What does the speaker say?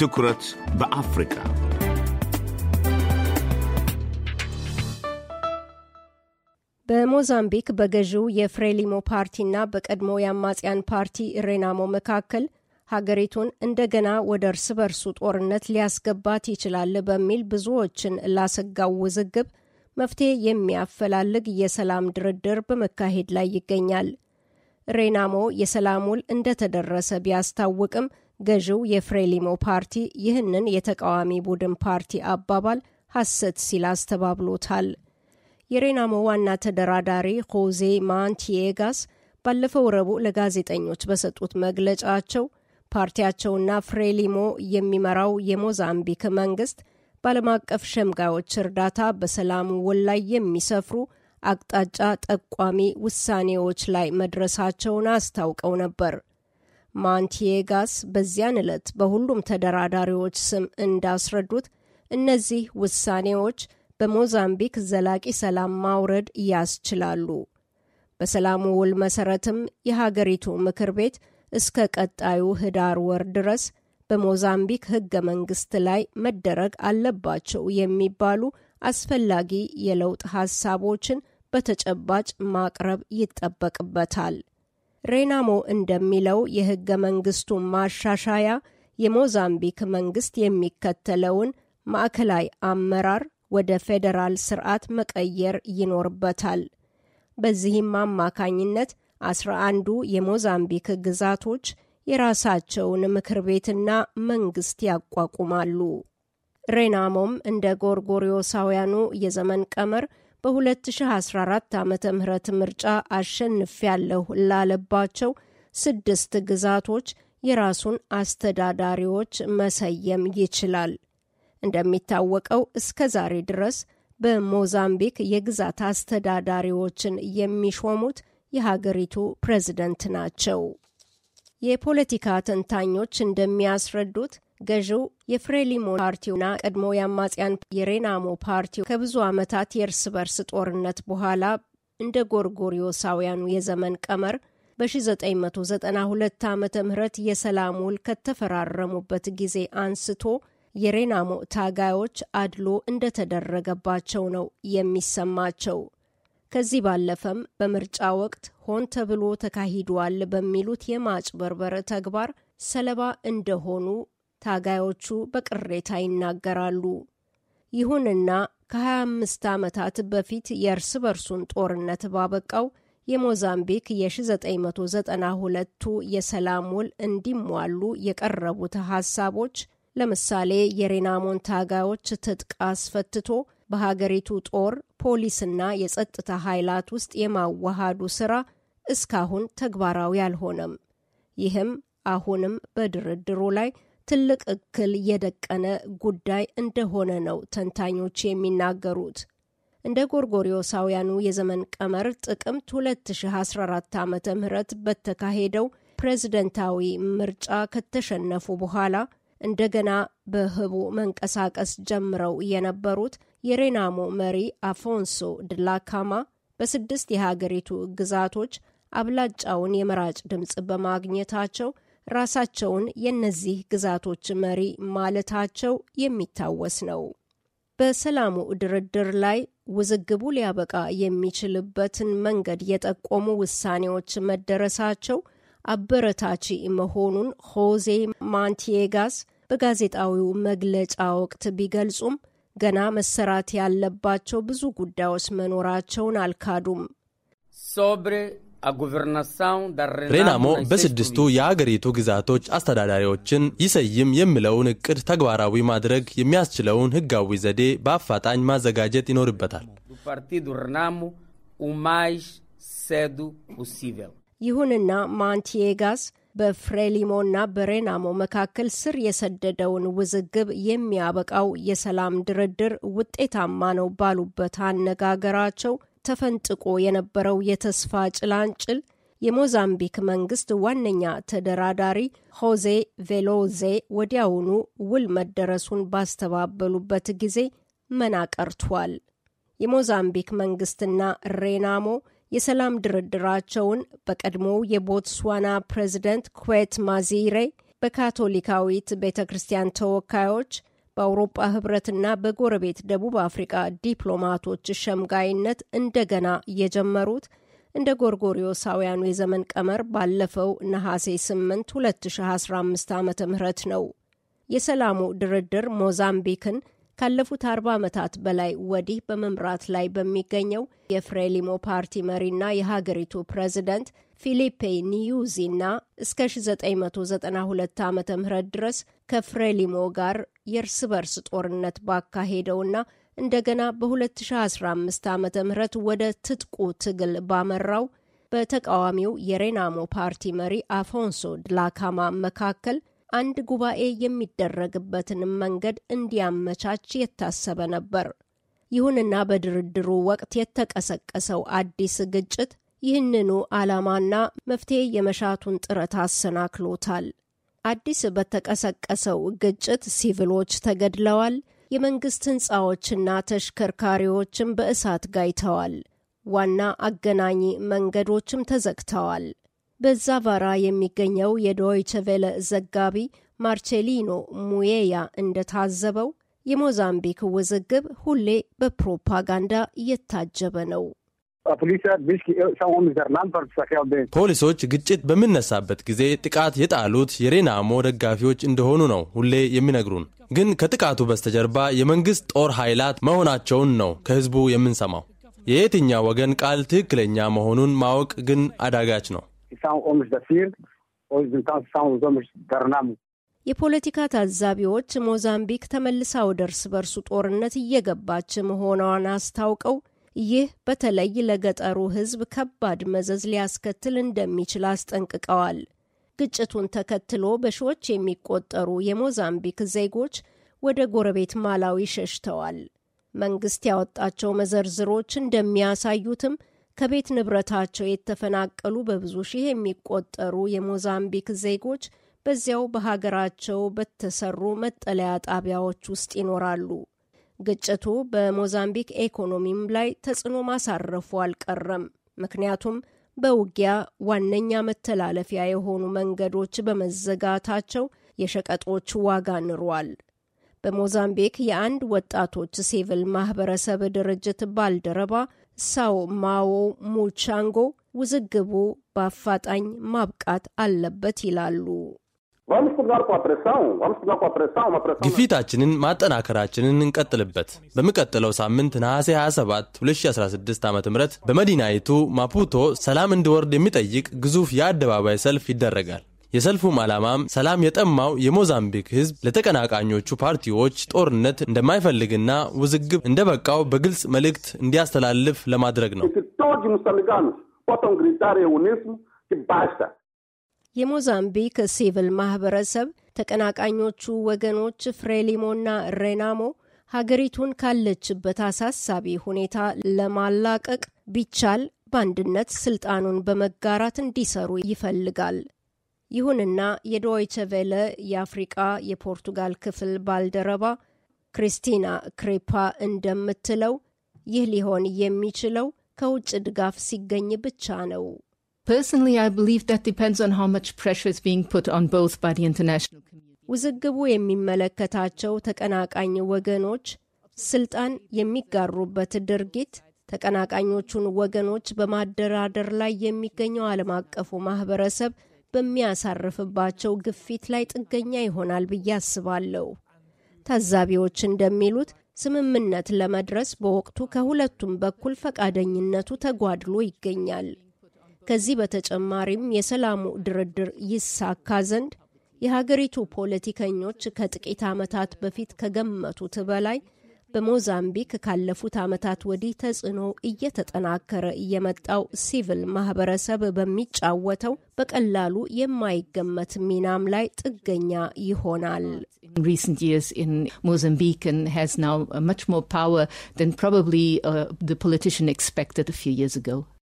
ትኩረት በአፍሪካ በሞዛምቢክ በገዢው የፍሬሊሞ ፓርቲና በቀድሞ የአማጽያን ፓርቲ ሬናሞ መካከል ሀገሪቱን እንደገና ወደ እርስ በርሱ ጦርነት ሊያስገባት ይችላል በሚል ብዙዎችን ላሰጋው ውዝግብ መፍትሄ የሚያፈላልግ የሰላም ድርድር በመካሄድ ላይ ይገኛል። ሬናሞ የሰላም ውል እንደተደረሰ ቢያስታውቅም ገዢው የፍሬሊሞ ፓርቲ ይህንን የተቃዋሚ ቡድን ፓርቲ አባባል ሐሰት ሲል አስተባብሎታል። የሬናሞ ዋና ተደራዳሪ ሆዜ ማንቲየጋስ ባለፈው ረቡዕ ለጋዜጠኞች በሰጡት መግለጫቸው ፓርቲያቸውና ፍሬሊሞ የሚመራው የሞዛምቢክ መንግስት በዓለም አቀፍ ሸምጋዮች እርዳታ በሰላም ውል ላይ የሚሰፍሩ አቅጣጫ ጠቋሚ ውሳኔዎች ላይ መድረሳቸውን አስታውቀው ነበር። ማንቲጋስ በዚያን ዕለት በሁሉም ተደራዳሪዎች ስም እንዳስረዱት እነዚህ ውሳኔዎች በሞዛምቢክ ዘላቂ ሰላም ማውረድ ያስችላሉ። በሰላሙ ውል መሰረትም የሀገሪቱ ምክር ቤት እስከ ቀጣዩ ህዳር ወር ድረስ በሞዛምቢክ ህገ መንግስት ላይ መደረግ አለባቸው የሚባሉ አስፈላጊ የለውጥ ሀሳቦችን በተጨባጭ ማቅረብ ይጠበቅበታል። ሬናሞ እንደሚለው የሕገ መንግስቱ ማሻሻያ የሞዛምቢክ መንግስት የሚከተለውን ማዕከላዊ አመራር ወደ ፌዴራል ስርዓት መቀየር ይኖርበታል። በዚህም አማካኝነት አስራ አንዱ የሞዛምቢክ ግዛቶች የራሳቸውን ምክር ቤትና መንግስት ያቋቁማሉ። ሬናሞም እንደ ጎርጎሪዮሳውያኑ የዘመን ቀመር በ2014 ዓ ም ምርጫ አሸንፊያለሁ ላለባቸው ስድስት ግዛቶች የራሱን አስተዳዳሪዎች መሰየም ይችላል። እንደሚታወቀው እስከ ዛሬ ድረስ በሞዛምቢክ የግዛት አስተዳዳሪዎችን የሚሾሙት የሀገሪቱ ፕሬዝደንት ናቸው። የፖለቲካ ተንታኞች እንደሚያስረዱት ገዢው የፍሬሊሞ ፓርቲውና ቀድሞ የአማጽያን የሬናሞ ፓርቲው ከብዙ ዓመታት የእርስ በርስ ጦርነት በኋላ እንደ ጎርጎሪዮሳውያኑ የዘመን ቀመር በ1992 ዓ ም የሰላም ውል ከተፈራረሙበት ጊዜ አንስቶ የሬናሞ ታጋዮች አድሎ እንደተደረገባቸው ነው የሚሰማቸው። ከዚህ ባለፈም በምርጫ ወቅት ሆን ተብሎ ተካሂዷል በሚሉት የማጭበርበር ተግባር ሰለባ እንደሆኑ ታጋዮቹ በቅሬታ ይናገራሉ። ይሁንና ከ25 ዓመታት በፊት የእርስ በርሱን ጦርነት ባበቃው የሞዛምቢክ የ1992ቱ የሰላም ውል እንዲሟሉ የቀረቡት ሀሳቦች ለምሳሌ የሬናሞን ታጋዮች ትጥቅ አስፈትቶ በሀገሪቱ ጦር ፖሊስና የጸጥታ ኃይላት ውስጥ የማዋሃዱ ስራ እስካሁን ተግባራዊ አልሆነም። ይህም አሁንም በድርድሩ ላይ ትልቅ እክል የደቀነ ጉዳይ እንደሆነ ነው ተንታኞች የሚናገሩት። እንደ ጎርጎሪዮሳውያኑ የዘመን ቀመር ጥቅምት 2014 ዓ ም በተካሄደው ፕሬዝደንታዊ ምርጫ ከተሸነፉ በኋላ እንደገና በህቡ መንቀሳቀስ ጀምረው የነበሩት የሬናሞ መሪ አፎንሶ ድላካማ በስድስት የሀገሪቱ ግዛቶች አብላጫውን የመራጭ ድምፅ በማግኘታቸው ራሳቸውን የእነዚህ ግዛቶች መሪ ማለታቸው የሚታወስ ነው። በሰላሙ ድርድር ላይ ውዝግቡ ሊያበቃ የሚችልበትን መንገድ የጠቆሙ ውሳኔዎች መደረሳቸው አበረታች መሆኑን ሆዜ ማንቲየጋስ በጋዜጣዊው መግለጫ ወቅት ቢገልጹም ገና መሰራት ያለባቸው ብዙ ጉዳዮች መኖራቸውን አልካዱም። ሶብሬ ሬናሞ በስድስቱ የአገሪቱ ግዛቶች አስተዳዳሪዎችን ይሰይም የሚለውን እቅድ ተግባራዊ ማድረግ የሚያስችለውን ሕጋዊ ዘዴ በአፋጣኝ ማዘጋጀት ይኖርበታል። ይሁንና ማንቲየጋስ በፍሬሊሞና በሬናሞ መካከል ስር የሰደደውን ውዝግብ የሚያበቃው የሰላም ድርድር ውጤታማ ነው ባሉበት አነጋገራቸው ተፈንጥቆ የነበረው የተስፋ ጭላንጭል የሞዛምቢክ መንግስት ዋነኛ ተደራዳሪ ሆዜ ቬሎዜ ወዲያውኑ ውል መደረሱን ባስተባበሉበት ጊዜ መናቀርቷል። የሞዛምቢክ መንግስትና ሬናሞ የሰላም ድርድራቸውን በቀድሞው የቦትስዋና ፕሬዝደንት ኩዌት ማዚሬ በካቶሊካዊት ቤተ ክርስቲያን ተወካዮች በአውሮጳ ህብረትና በጎረቤት ደቡብ አፍሪቃ ዲፕሎማቶች ሸምጋይነት እንደገና የጀመሩት እንደ ጎርጎሪዮሳውያኑ የዘመን ቀመር ባለፈው ነሐሴ 8 2015 ዓ ም ነው። የሰላሙ ድርድር ሞዛምቢክን ካለፉት 40 ዓመታት በላይ ወዲህ በመምራት ላይ በሚገኘው የፍሬሊሞ ፓርቲ መሪና የሀገሪቱ ፕሬዚደንት ፊሊፔ ኒዩዚና እስከ 1992 ዓ ም ድረስ ከፍሬሊሞ ጋር የእርስ በርስ ጦርነት ባካሄደውና እንደገና በ2015 ዓ ም ወደ ትጥቁ ትግል ባመራው በተቃዋሚው የሬናሞ ፓርቲ መሪ አፎንሶ ድላካማ መካከል አንድ ጉባኤ የሚደረግበትን መንገድ እንዲያመቻች የታሰበ ነበር። ይሁንና በድርድሩ ወቅት የተቀሰቀሰው አዲስ ግጭት ይህንኑ ዓላማና መፍትሄ የመሻቱን ጥረት አሰናክሎታል። አዲስ በተቀሰቀሰው ግጭት ሲቪሎች ተገድለዋል። የመንግስት ህንፃዎችና ተሽከርካሪዎችም በእሳት ጋይተዋል። ዋና አገናኝ መንገዶችም ተዘግተዋል። በዛቫራ የሚገኘው የዶይቸ ቬለ ዘጋቢ ማርቼሊኖ ሙዬያ እንደታዘበው የሞዛምቢክ ውዝግብ ሁሌ በፕሮፓጋንዳ እየታጀበ ነው። ፖሊሶች ግጭት በሚነሳበት ጊዜ ጥቃት የጣሉት የሬናሞ ደጋፊዎች እንደሆኑ ነው ሁሌ የሚነግሩን። ግን ከጥቃቱ በስተጀርባ የመንግስት ጦር ኃይላት መሆናቸውን ነው ከህዝቡ የምንሰማው። የየትኛው ወገን ቃል ትክክለኛ መሆኑን ማወቅ ግን አዳጋች ነው። የፖለቲካ ታዛቢዎች ሞዛምቢክ ተመልሳ ወደ እርስ በርሱ ጦርነት እየገባች መሆኗን አስታውቀው ይህ በተለይ ለገጠሩ ሕዝብ ከባድ መዘዝ ሊያስከትል እንደሚችል አስጠንቅቀዋል። ግጭቱን ተከትሎ በሺዎች የሚቆጠሩ የሞዛምቢክ ዜጎች ወደ ጎረቤት ማላዊ ሸሽተዋል። መንግስት ያወጣቸው መዘርዝሮች እንደሚያሳዩትም ከቤት ንብረታቸው የተፈናቀሉ በብዙ ሺህ የሚቆጠሩ የሞዛምቢክ ዜጎች በዚያው በሀገራቸው በተሰሩ መጠለያ ጣቢያዎች ውስጥ ይኖራሉ። ግጭቱ በሞዛምቢክ ኢኮኖሚም ላይ ተጽዕኖ ማሳረፉ አልቀረም። ምክንያቱም በውጊያ ዋነኛ መተላለፊያ የሆኑ መንገዶች በመዘጋታቸው የሸቀጦች ዋጋ ንሯል። በሞዛምቢክ የአንድ ወጣቶች ሲቪል ማህበረሰብ ድርጅት ባልደረባ ሳው ማዎ ሙቻንጎ ውዝግቡ በአፋጣኝ ማብቃት አለበት ይላሉ። በአምስት ጋር እኮ ፕሬሳው አምስት ግፊታችንን ማጠናከራችንን እንቀጥልበት። በሚቀጥለው ሳምንት ነሐሴ 27 2016 ዓ.ም በመዲናይቱ ማፑቶ ሰላም እንዲወርድ የሚጠይቅ ግዙፍ የአደባባይ ሰልፍ ይደረጋል። የሰልፉም ዓላማም ሰላም የጠማው የሞዛምቢክ ሕዝብ ለተቀናቃኞቹ ፓርቲዎች ጦርነት እንደማይፈልግና ውዝግብ እንደበቃው በግልጽ መልእክት እንዲያስተላልፍ ለማድረግ ነው። የሞዛምቢክ ሲቪል ማህበረሰብ ተቀናቃኞቹ ወገኖች ፍሬሊሞና ሬናሞ ሀገሪቱን ካለችበት አሳሳቢ ሁኔታ ለማላቀቅ ቢቻል በአንድነት ስልጣኑን በመጋራት እንዲሰሩ ይፈልጋል። ይሁንና የዶይቸ ቬለ የአፍሪቃ የፖርቱጋል ክፍል ባልደረባ ክሪስቲና ክሬፓ እንደምትለው ይህ ሊሆን የሚችለው ከውጭ ድጋፍ ሲገኝ ብቻ ነው። Personally, I believe that depends on how much pressure is being put on both by the international community. ውዝግቡ የሚመለከታቸው ተቀናቃኝ ወገኖች ስልጣን የሚጋሩበት ድርጊት ተቀናቃኞቹን ወገኖች በማደራደር ላይ የሚገኘው ዓለም አቀፉ ማህበረሰብ በሚያሳርፍባቸው ግፊት ላይ ጥገኛ ይሆናል ብዬ አስባለሁ። ታዛቢዎች እንደሚሉት ስምምነት ለመድረስ በወቅቱ ከሁለቱም በኩል ፈቃደኝነቱ ተጓድሎ ይገኛል። ከዚህ በተጨማሪም የሰላሙ ድርድር ይሳካ ዘንድ የሀገሪቱ ፖለቲከኞች ከጥቂት ዓመታት በፊት ከገመቱት በላይ በሞዛምቢክ ካለፉት ዓመታት ወዲህ ተጽዕኖ እየተጠናከረ የመጣው ሲቪል ማህበረሰብ በሚጫወተው በቀላሉ የማይገመት ሚናም ላይ ጥገኛ ይሆናል።